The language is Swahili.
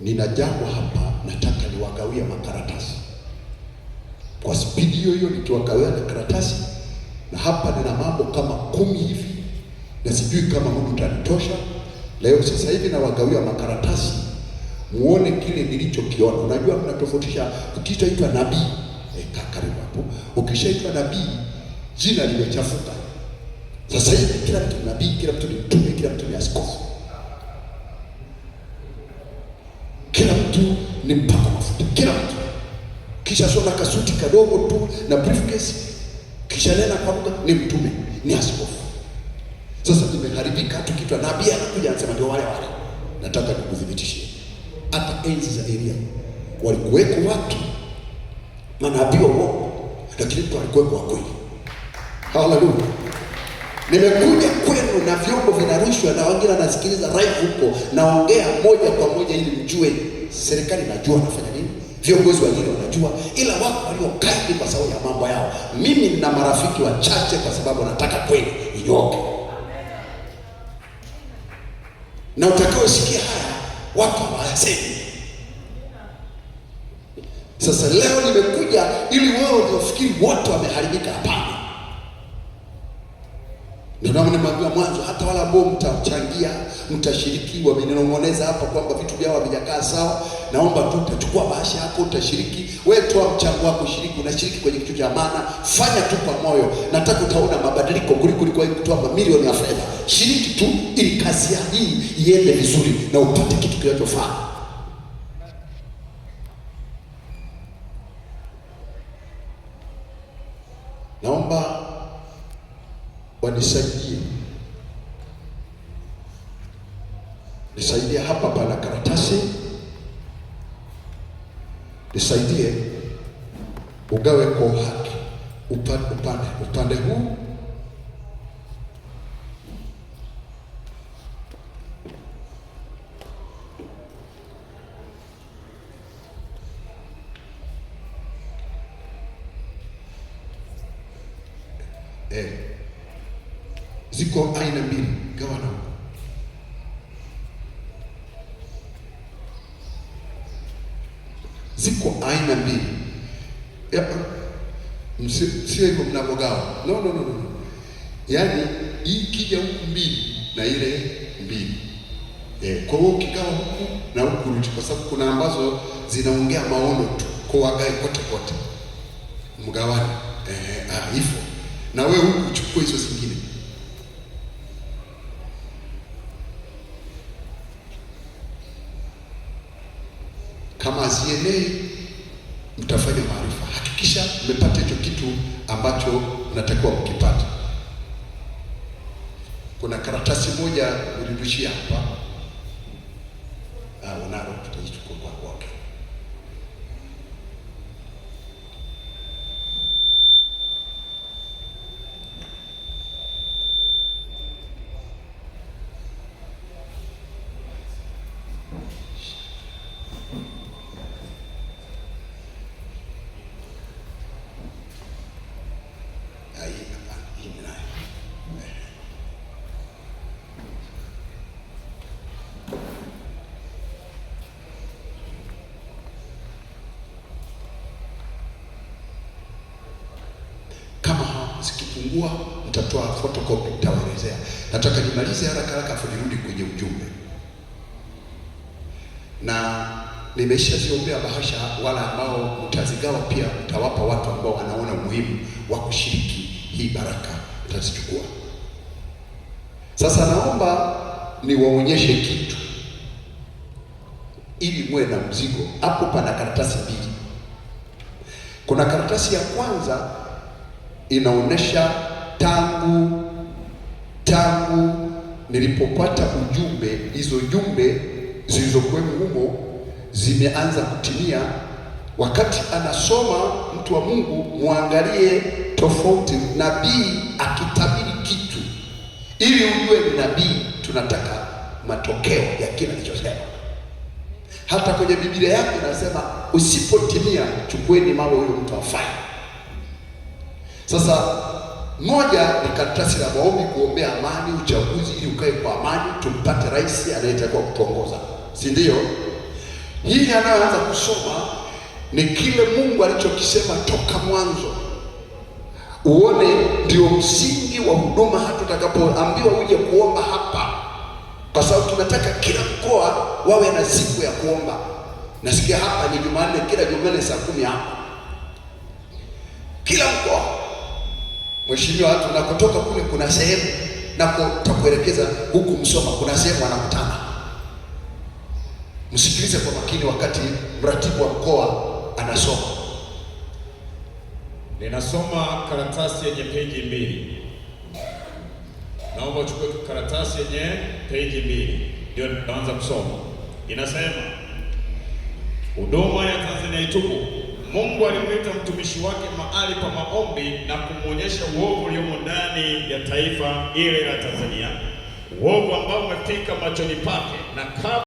nina jambo hapa, nataka niwagawia makaratasi kwa spidi hiyo hiyo, nikiwagawia na karatasi, na hapa nina mambo kama kumi hivi, na sijui kama Mungu tanitosha leo. Sasa hivi nawagawia makaratasi, muone kile nilichokiona. Unajua, mnatofautisha ukishaitwa nabii e, eh, kakaribu hapo, ukishaitwa nabii jina limechafuka. Sasa hivi kila mtu nabii, kila mtu ni mtume, kila mtu ni askofu mtu ni mpaka mafuta, kila mtu. Kisha shona kasuti kadogo tu na briefcase, kisha nena kwa lugha, ni mtume, ni askofu. Sasa nimeharibika tu kitu, nabii anakuja anasema ndio wale wale. Nataka nikuthibitishie, hata enzi za Elia walikuweko watu manabii wa lakini walikuweko wa kweli. Haleluya, nimekuja kweli kuna vyombo vinarushwa na wengine wanasikiliza live huko, naongea moja kwa moja ili mjue serikali najua nafanya nini, viongozi wengine wanajua, ila wako waliokali kwa sababu ya mambo yao. Mimi nina marafiki wachache kwa sababu nataka kweli inyoke, na utakaosikia haya watu hawasemi. Sasa leo nimekuja ili wewe unafikiri wote wameharibika, hapana nimewambia mwanzo, hata wala ambao mtachangia, mtashiriki, wamenongoneza hapa kwamba vitu vyao havijakaa sawa. Naomba tu utachukua bahasha yako, utashiriki. Wewe toa mchango wako, shiriki, unashiriki kwenye kitu cha maana. Fanya tu kwa moyo, nataka utaona mabadiliko kuliko kutoa mamilioni ya fedha. Shiriki tu ili kazi hii iende vizuri na upate kitu kinachofaa. Naomba wanisaidie Nisaidia hapa, pana karatasi, nisaidie ugawe kwa haki, upande upande upande huu eh. Ziko aina mbili gawa na gawana na mbili sio hivyo mnavogawa. No, no, no, no. Yaani hii kija huku mbili na ile mbili e, kwa hiyo ukigawa huku na huku rudi, kwa sababu kuna ambazo zinaongea maono tu kwa wagai kote kote mgawane hivyo na wewe huku uchukue hizo zingine kama zienei utafanya maarifa. Hakikisha umepata hicho kitu ambacho unatakiwa kukipata. Kuna karatasi moja ulirushia hapa, ah, unalo, tutaichukua kwako. zikipungua nitatoa photocopy, nitawaelezea. Nataka nimalize haraka haraka afu nirudi kwenye ujumbe, na nimeshaziombea bahasha, wala ambao mtazigawa pia mtawapa watu ambao wanaona umuhimu wa kushiriki hii baraka, nitazichukua. Sasa naomba niwaonyeshe kitu ili muwe na mzigo. Hapo pana karatasi mbili. Kuna karatasi ya kwanza inaonesha tangu tangu nilipopata ujumbe, hizo jumbe zilizokuwemo humo zimeanza kutimia. Wakati anasoma mtu wa Mungu, muangalie tofauti. Nabii akitabiri kitu, ili ujue ni nabii, tunataka matokeo ya kile alichosema. Hata kwenye Biblia yake inasema usipotimia, chukueni mawe, huyo mtu afanye sasa moja ni karatasi la maombi kuombea amani, uchaguzi ili ukae kwa amani, tumpate rais anayetakiwa kutuongoza, si ndio? Hii anayoanza kusoma ni kile Mungu alichokisema toka mwanzo, uone ndio msingi wa huduma, hata utakapoambiwa uje kuomba hapa, kwa sababu tunataka kila mkoa wawe na siku ya kuomba. Nasikia hapa ni Jumanne, kila Jumanne saa kumi hapa, kila mkoa Mheshimiwa, watu kule, kuna sehemu nako takuelekeza huku Msoma, kuna sehemu anakutana. Msikilize kwa makini wakati mratibu wa mkoa anasoma. Ninasoma karatasi yenye peji mbili, naomba uchukue karatasi yenye peji mbili ndio nitaanza kusoma. Inasema huduma ya Tanzania Ituku Mungu alimwita mtumishi wake mahali pa maombi na kumwonyesha uovu uliomo ndani ya taifa ile la Tanzania, uovu ambao umefika machoni pake na